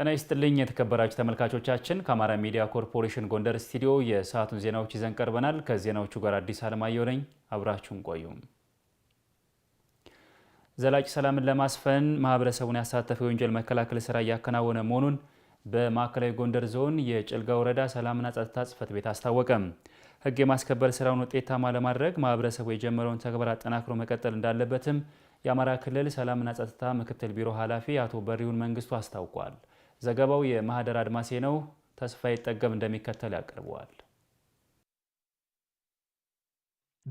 ጤና ይስጥልኝ የተከበራችሁ ተመልካቾቻችን፣ ከአማራ ሚዲያ ኮርፖሬሽን ጎንደር ስቱዲዮ የሰዓቱን ዜናዎች ይዘን ቀርበናል። ከዜናዎቹ ጋር አዲስ አለማየሁ ነኝ። አብራችሁን ቆዩ። ዘላቂ ሰላምን ለማስፈን ማህበረሰቡን ያሳተፈ የወንጀል መከላከል ስራ እያከናወነ መሆኑን በማዕከላዊ ጎንደር ዞን የጭልጋ ወረዳ ሰላምና ጸጥታ ጽፈት ቤት አስታወቀም። ህግ የማስከበር ስራውን ውጤታማ ለማድረግ ማህበረሰቡ የጀመረውን ተግባር አጠናክሮ መቀጠል እንዳለበትም የአማራ ክልል ሰላምና ጸጥታ ምክትል ቢሮ ኃላፊ አቶ በሪሁን መንግስቱ አስታውቋል። ዘገባው የማህደር አድማሴ ነው። ተስፋ ይጠገም እንደሚከተል ያቀርበዋል።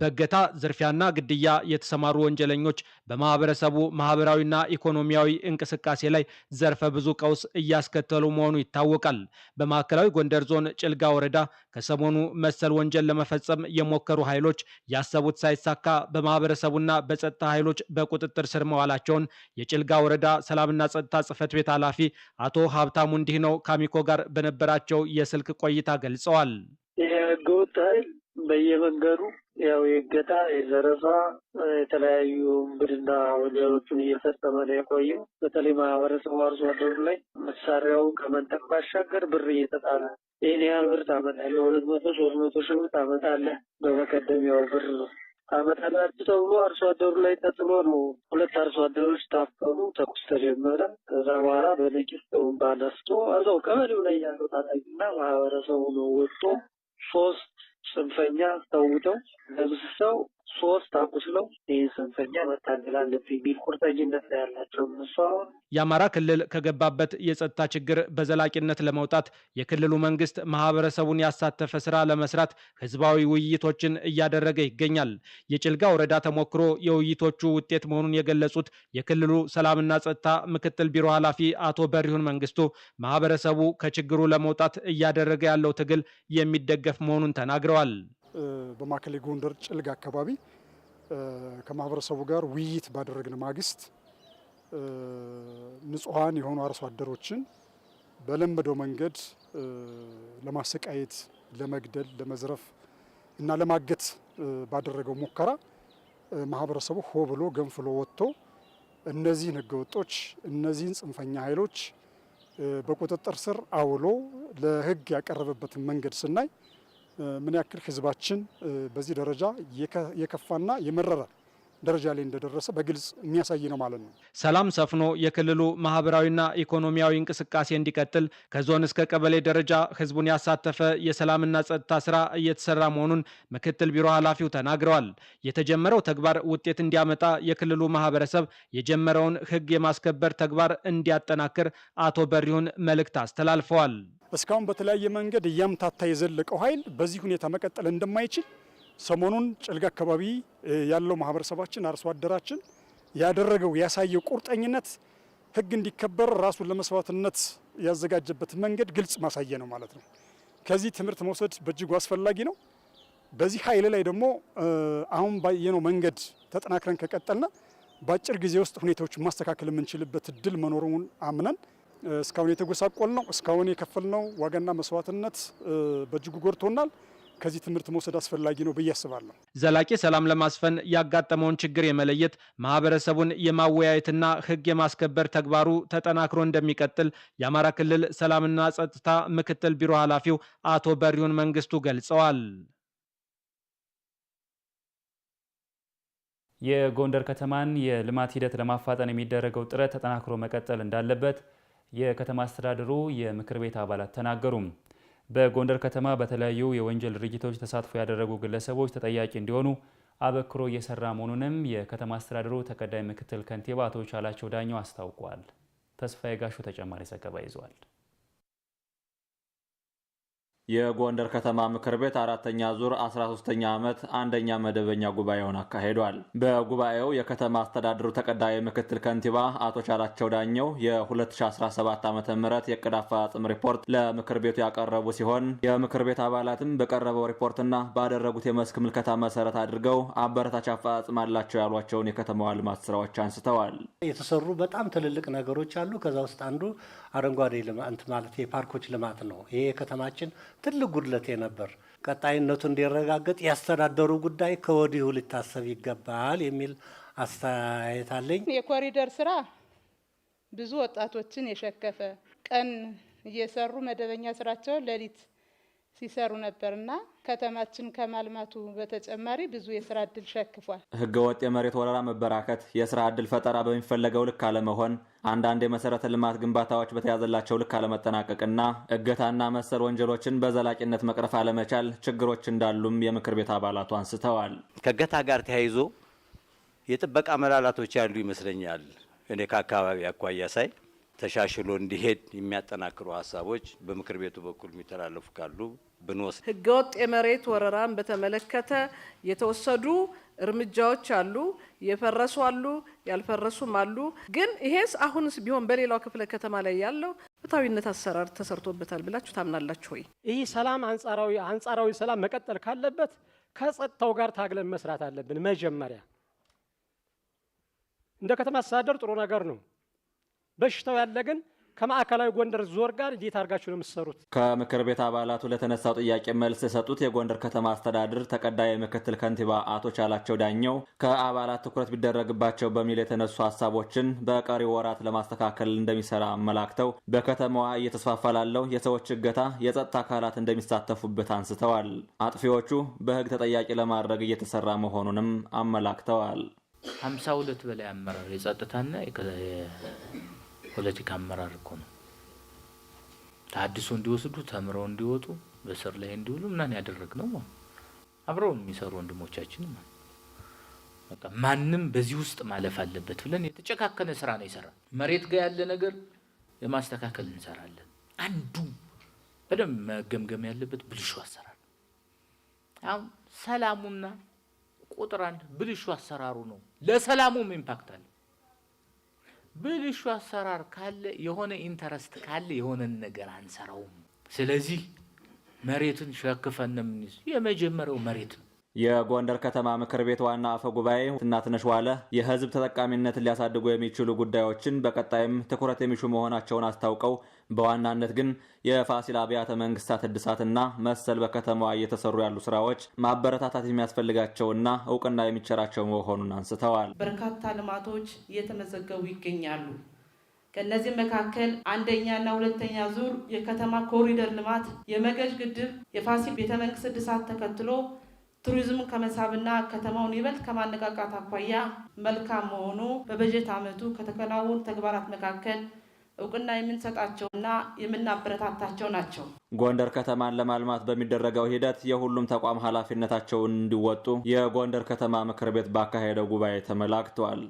በእገታ ዝርፊያና ግድያ የተሰማሩ ወንጀለኞች በማህበረሰቡ ማህበራዊና ኢኮኖሚያዊ እንቅስቃሴ ላይ ዘርፈ ብዙ ቀውስ እያስከተሉ መሆኑ ይታወቃል። በማዕከላዊ ጎንደር ዞን ጭልጋ ወረዳ ከሰሞኑ መሰል ወንጀል ለመፈጸም የሞከሩ ኃይሎች ያሰቡት ሳይሳካ በማህበረሰቡና በጸጥታ ኃይሎች በቁጥጥር ስር መዋላቸውን የጭልጋ ወረዳ ሰላምና ጸጥታ ጽህፈት ቤት ኃላፊ አቶ ሀብታሙ እንዲህ ነው ከአሚኮ ጋር በነበራቸው የስልክ ቆይታ ገልጸዋል። ህገወጥ ኃይል በየመንገዱ ያው የእገታ የዘረፋ የተለያዩ ብድና ወንጀሎችን እየፈጸመ ነው የቆየው። በተለይ ማህበረሰቡ አርሶ አደሩ ላይ መሳሪያው ከመንጠቅ ባሻገር ብር እየተጣለ ይህን ያህል ብር ታመጣለህ፣ ሁለት መቶ ሶስት መቶ ሺህ ብር ታመጣለህ። በመቀደም ያው ብር አመጣላችሁ ተብሎ አርሶ አደሩ ላይ ተጥሎ ነው። ሁለት አርሶ አደሮች ታፈኑ፣ ተኩስ ተጀመረ። ከዛ በኋላ በነቂስ ጥሩምባ ነስቶ እዛው ቀበሌው ላይ ያለው ታጣቂና ማህበረሰቡ ነው ወጥቶ ሶስት ጽንፈኛ ሰውተው ሰው ሶስት አቁስለው ይህ ጽንፈኛ መታገል አለብኝ የሚል ቁርጠኝነት ነው ያላቸው እነሱ። የአማራ ክልል ከገባበት የጸጥታ ችግር በዘላቂነት ለመውጣት የክልሉ መንግስት ማህበረሰቡን ያሳተፈ ስራ ለመስራት ህዝባዊ ውይይቶችን እያደረገ ይገኛል። የጭልጋ ወረዳ ተሞክሮ የውይይቶቹ ውጤት መሆኑን የገለጹት የክልሉ ሰላምና ጸጥታ ምክትል ቢሮ ኃላፊ አቶ በሪሁን መንግስቱ ማህበረሰቡ ከችግሩ ለመውጣት እያደረገ ያለው ትግል የሚደገፍ መሆኑን ተናግረዋል። በማዕከላዊ ጎንደር ጭልግ አካባቢ ከማህበረሰቡ ጋር ውይይት ባደረግን ማግስት ንጹሐን የሆኑ አርሶ አደሮችን በለመደው መንገድ ለማሰቃየት፣ ለመግደል፣ ለመዝረፍ እና ለማገት ባደረገው ሙከራ ማህበረሰቡ ሆ ብሎ ገንፍሎ ወጥቶ እነዚህን ህገወጦች እነዚህን ጽንፈኛ ኃይሎች በቁጥጥር ስር አውሎ ለህግ ያቀረበበትን መንገድ ስናይ ምን ያክል ህዝባችን በዚህ ደረጃ የከፋና የመረረ ደረጃ ላይ እንደደረሰ በግልጽ የሚያሳይ ነው ማለት ነው። ሰላም ሰፍኖ የክልሉ ማህበራዊና ኢኮኖሚያዊ እንቅስቃሴ እንዲቀጥል ከዞን እስከ ቀበሌ ደረጃ ህዝቡን ያሳተፈ የሰላምና ጸጥታ ስራ እየተሰራ መሆኑን ምክትል ቢሮ ኃላፊው ተናግረዋል። የተጀመረው ተግባር ውጤት እንዲያመጣ የክልሉ ማህበረሰብ የጀመረውን ህግ የማስከበር ተግባር እንዲያጠናክር አቶ በሪሁን መልእክት አስተላልፈዋል። እስካሁን በተለያየ መንገድ እያምታታ የዘለቀው ኃይል በዚህ ሁኔታ መቀጠል እንደማይችል ሰሞኑን ጭልጋ አካባቢ ያለው ማህበረሰባችን አርሶ አደራችን ያደረገው ያሳየው ቁርጠኝነት ህግ እንዲከበር ራሱን ለመስዋዕትነት ያዘጋጀበት መንገድ ግልጽ ማሳየ ነው ማለት ነው። ከዚህ ትምህርት መውሰድ በእጅጉ አስፈላጊ ነው። በዚህ ኃይል ላይ ደግሞ አሁን ባየነው መንገድ ተጠናክረን ከቀጠልና በአጭር ጊዜ ውስጥ ሁኔታዎችን ማስተካከል የምንችልበት እድል መኖሩን አምነን እስካሁን የተጎሳቆል ነው። እስካሁን ነው ዋጋና መስዋዕትነት በእጅጉ ጎድቶናል። ከዚህ ትምህርት መውሰድ አስፈላጊ ነው ብዬ አስባለሁ። ዘላቂ ሰላም ለማስፈን ያጋጠመውን ችግር የመለየት ማህበረሰቡን የማወያየትና ሕግ የማስከበር ተግባሩ ተጠናክሮ እንደሚቀጥል የአማራ ክልል ሰላምና ጸጥታ ምክትል ቢሮ ኃላፊው አቶ በሪውን መንግስቱ ገልጸዋል። የጎንደር ከተማን የልማት ሂደት ለማፋጠን የሚደረገው ጥረት ተጠናክሮ መቀጠል እንዳለበት የከተማ አስተዳደሩ የምክር ቤት አባላት ተናገሩ። በጎንደር ከተማ በተለያዩ የወንጀል ድርጊቶች ተሳትፎ ያደረጉ ግለሰቦች ተጠያቂ እንዲሆኑ አበክሮ እየሰራ መሆኑንም የከተማ አስተዳደሩ ተቀዳሚ ምክትል ከንቲባ አቶ ቻላቸው ዳኘው አስታውቋል። ተስፋዬ ጋሹ ተጨማሪ ዘገባ ይዟል። የጎንደር ከተማ ምክር ቤት አራተኛ ዙር 13ኛ ዓመት አንደኛ መደበኛ ጉባኤውን አካሂዷል። በጉባኤው የከተማ አስተዳደሩ ተቀዳሚ ምክትል ከንቲባ አቶ ቻላቸው ዳኘው የ2017 ዓ ም የዕቅድ አፈጻጸም ሪፖርት ለምክር ቤቱ ያቀረቡ ሲሆን የምክር ቤት አባላትም በቀረበው ሪፖርትና ባደረጉት የመስክ ምልከታ መሰረት አድርገው አበረታች አፈጻጸም አላቸው ያሏቸውን የከተማዋ ልማት ስራዎች አንስተዋል። የተሰሩ በጣም ትልልቅ ነገሮች አሉ። ከዛ ውስጥ አንዱ አረንጓዴ ልማት ማለት የፓርኮች ልማት ነው። ይሄ የከተማችን ትልቅ ጉድለት ነበር። ቀጣይነቱ እንዲረጋገጥ ያስተዳደሩ ጉዳይ ከወዲሁ ሊታሰብ ይገባል የሚል አስተያየት አለኝ። የኮሪደር ስራ ብዙ ወጣቶችን የሸከፈ ቀን እየሰሩ መደበኛ ስራቸውን ሌሊት ሲሰሩ ነበርና ከተማችን ከማልማቱ በተጨማሪ ብዙ የስራ እድል ሸክፏል። ህገወጥ የመሬት ወረራ መበራከት፣ የስራ እድል ፈጠራ በሚፈለገው ልክ አለመሆን፣ አንዳንድ የመሰረተ ልማት ግንባታዎች በተያዘላቸው ልክ አለመጠናቀቅና እገታና መሰል ወንጀሎችን በዘላቂነት መቅረፍ አለመቻል ችግሮች እንዳሉም የምክር ቤት አባላቱ አንስተዋል። ከእገታ ጋር ተያይዞ የጥበቃ መላላቶች ያሉ ይመስለኛል እኔ ከአካባቢ አኳያ ሳይ ተሻሽሎ እንዲሄድ የሚያጠናክሩ ሀሳቦች በምክር ቤቱ በኩል የሚተላለፉ ካሉ ብንወስድ፣ ህገወጥ የመሬት ወረራን በተመለከተ የተወሰዱ እርምጃዎች አሉ። የፈረሱ አሉ፣ ያልፈረሱም አሉ። ግን ይሄስ አሁንስ ቢሆን በሌላው ክፍለ ከተማ ላይ ያለው ፍትሐዊነት አሰራር ተሰርቶበታል ብላችሁ ታምናላችሁ ወይ? ይህ ሰላም አንጻራዊ አንጻራዊ ሰላም መቀጠል ካለበት ከጸጥታው ጋር ታግለን መስራት አለብን። መጀመሪያ እንደ ከተማ አስተዳደር ጥሩ ነገር ነው። በሽታው ያለ ግን ከማዕከላዊ ጎንደር ዞር ጋር እንዴት አድርጋችሁ ነው የምትሰሩት? ከምክር ቤት አባላቱ ለተነሳው ጥያቄ መልስ የሰጡት የጎንደር ከተማ አስተዳደር ተቀዳይ ምክትል ከንቲባ አቶ ቻላቸው ዳኘው ከአባላት ትኩረት ቢደረግባቸው በሚል የተነሱ ሀሳቦችን በቀሪ ወራት ለማስተካከል እንደሚሰራ አመላክተው በከተማዋ እየተስፋፋ ላለው የሰዎች እገታ የጸጥታ አካላት እንደሚሳተፉበት አንስተዋል። አጥፊዎቹ በሕግ ተጠያቂ ለማድረግ እየተሰራ መሆኑንም አመላክተዋል። ሀምሳ ሁለት በላይ አመራር የጸጥታና የፖለቲካ አመራር እኮ ነው። ተሀድሶ እንዲወስዱ ተምረው እንዲወጡ በስር ላይ እንዲውሉ ምናን ያደረግ ነው። አብረው የሚሰሩ ወንድሞቻችን በቃ ማንም በዚህ ውስጥ ማለፍ አለበት ብለን የተጨካከነ ስራ ነው የሰራ። መሬት ጋር ያለ ነገር የማስተካከል እንሰራለን። አንዱ በደንብ መገምገም ያለበት ብልሹ አሰራር አሁን ሰላሙና ቁጥር አንድ ብልሹ አሰራሩ ነው። ለሰላሙም ኢምፓክት አለ። ብልሹ አሰራር ካለ የሆነ ኢንተረስት ካለ የሆነን ነገር አንሰራውም። ስለዚህ መሬትን ሸክፈን ነው የምንይዝ። የመጀመሪያው መሬት ነው። የጎንደር ከተማ ምክር ቤት ዋና አፈ ጉባኤ ትናትነሽ ዋለ የህዝብ ተጠቃሚነት ሊያሳድጉ የሚችሉ ጉዳዮችን በቀጣይም ትኩረት የሚሹ መሆናቸውን አስታውቀው በዋናነት ግን የፋሲል አብያተ መንግስታት እድሳትና መሰል በከተማዋ እየተሰሩ ያሉ ስራዎች ማበረታታት የሚያስፈልጋቸውና እውቅና የሚቸራቸው መሆኑን አንስተዋል። በርካታ ልማቶች እየተመዘገቡ ይገኛሉ። ከእነዚህም መካከል አንደኛና ሁለተኛ ዙር የከተማ ኮሪደር ልማት፣ የመገድ ግድብ፣ የፋሲል ቤተ መንግስት እድሳት ተከትሎ ቱሪዝም ከመሳብና ከተማውን ይበልጥ ከማነቃቃት አኳያ መልካም መሆኑ በበጀት ዓመቱ ከተከናወኑ ተግባራት መካከል እውቅና የምንሰጣቸውና የምናበረታታቸው ናቸው። ጎንደር ከተማን ለማልማት በሚደረገው ሂደት የሁሉም ተቋም ኃላፊነታቸውን እንዲወጡ የጎንደር ከተማ ምክር ቤት ባካሄደው ጉባኤ ተመላክተዋል።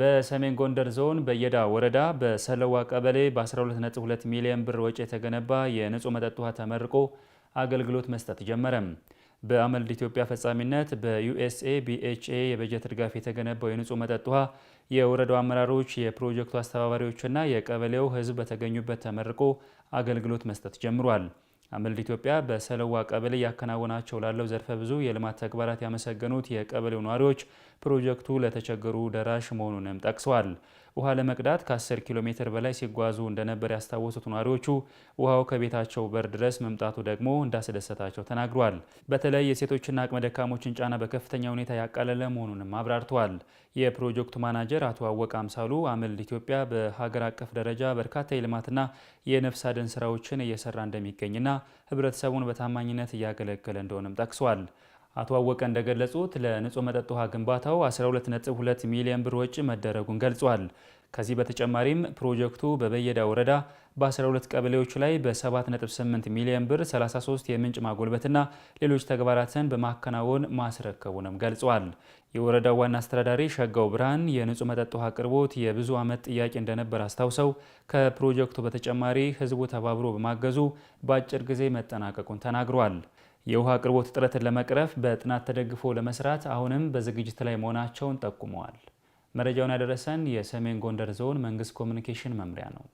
በሰሜን ጎንደር ዞን በየዳ ወረዳ በሰለዋ ቀበሌ በ12.2 ሚሊዮን ብር ወጪ የተገነባ የንጹህ መጠጥ ውሃ ተመርቆ አገልግሎት መስጠት ጀመረም። በአመልድ ኢትዮጵያ ፈጻሚነት በዩኤስኤ ቢኤችኤ የበጀት ድጋፍ የተገነባው የንጹህ መጠጥ ውሃ የወረዳው አመራሮች፣ የፕሮጀክቱ አስተባባሪዎችና የቀበሌው ህዝብ በተገኙበት ተመርቆ አገልግሎት መስጠት ጀምሯል። አመልድ ኢትዮጵያ በሰለዋ ቀበሌ ያከናወናቸው ላለው ዘርፈ ብዙ የልማት ተግባራት ያመሰገኑት የቀበሌው ነዋሪዎች ፕሮጀክቱ ለተቸገሩ ደራሽ መሆኑንም ጠቅሰዋል። ውሃ ለመቅዳት ከ10 ኪሎ ሜትር በላይ ሲጓዙ እንደነበር ያስታወሱት ነዋሪዎቹ ውሃው ከቤታቸው በር ድረስ መምጣቱ ደግሞ እንዳስደሰታቸው ተናግሯል። በተለይ የሴቶችና አቅመ ደካሞችን ጫና በከፍተኛ ሁኔታ ያቃለለ መሆኑንም አብራርተዋል። የፕሮጀክቱ ማናጀር አቶ አወቅ አምሳሉ አምል ኢትዮጵያ በሀገር አቀፍ ደረጃ በርካታ የልማትና የነፍስ አድን ስራዎችን እየሰራ እንደሚገኝና ህብረተሰቡን በታማኝነት እያገለገለ እንደሆነም ጠቅሷል። አቶ አወቀ እንደገለጹት ለንጹህ መጠጥ ውሃ ግንባታው 122 ሚሊዮን ብር ወጪ መደረጉን ገልጿል። ከዚህ በተጨማሪም ፕሮጀክቱ በበየዳ ወረዳ በ12 ቀበሌዎች ላይ በ7.8 ሚሊዮን ብር 33 የምንጭ ማጎልበትና ሌሎች ተግባራትን በማከናወን ማስረከቡንም ገልጿል። የወረዳው ዋና አስተዳዳሪ ሸጋው ብርሃን የንጹህ መጠጥ ውሃ አቅርቦት የብዙ ዓመት ጥያቄ እንደነበር አስታውሰው ከፕሮጀክቱ በተጨማሪ ህዝቡ ተባብሮ በማገዙ በአጭር ጊዜ መጠናቀቁን ተናግሯል። የውሃ አቅርቦት እጥረትን ለመቅረፍ በጥናት ተደግፎ ለመስራት አሁንም በዝግጅት ላይ መሆናቸውን ጠቁመዋል። መረጃውን ያደረሰን የሰሜን ጎንደር ዞን መንግስት ኮሚኒኬሽን መምሪያ ነው።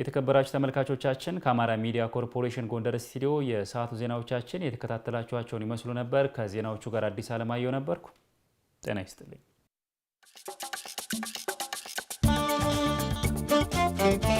የተከበራችሁ ተመልካቾቻችን ከአማራ ሚዲያ ኮርፖሬሽን ጎንደር ስቱዲዮ የሰዓቱ ዜናዎቻችን የተከታተላችኋቸውን ይመስሉ ነበር። ከዜናዎቹ ጋር አዲስ አለማየሁ ነበርኩ። ጤና ይስጥልኝ።